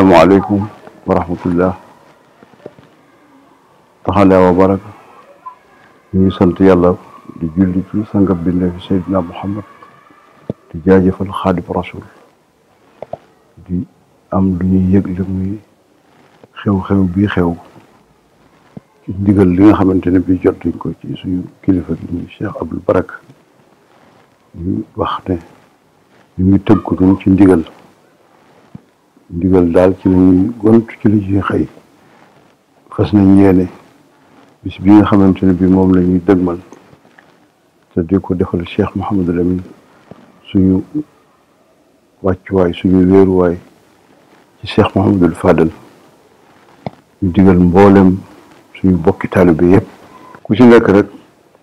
asalaamaaleykum wa rahmatullah taxala wa baraka ñu ngi sant yàlla di julli ci sangab binde fi Seydina Muhammad di jaajëfal xaadib rasul di am lu ñuy yëg li muy xew-xew bii xew ci ndigal li nga xamante ne bii jot nañ ko ci suñu kilifa gi ñu Cheikh Abdul Barak ñu wax ne ñu ngi tënk ko ci ndigal ndigal daal ci la gont ci la ñuy xëy xas nañ yéene bis bi nga xamante ne bi moom la ñuy dëgmal te di ko defal Cheikh Mouhamadul Amin suñu wàccuwaay suñu wéeruwaay ci Cheikh Mouhamadul Fadal ñu digal mboolem suñu bokki taalibe yépp ku si nekk rek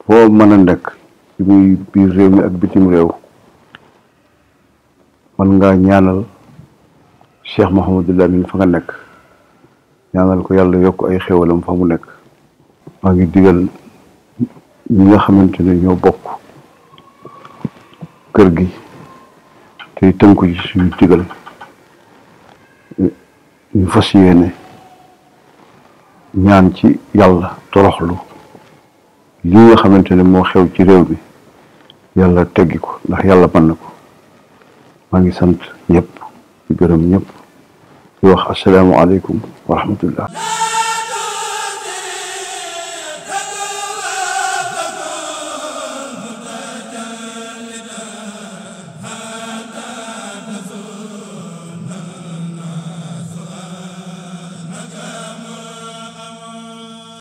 foo mën a nekk ci muy biir réew mi ak bitim réew mën ngaa ñaanal Cheikh Mouhamadul Amin fa nga nekk ñaanal ko yàlla yokk ay xéwalam fa mu nekk maa ngi digal ñi nga xamante ne ñoo bokk kër gi te tënku ci suñu digal ñu fas yéene ñaan ci yàlla toroxlu lii nga xamante ne moo xew ci réew bi yàlla teggi ko ndax yàlla mën na ko maa ngi sant ñëpp di gërëm ñëpp di wax asalaamaaleykum wa rahmatullah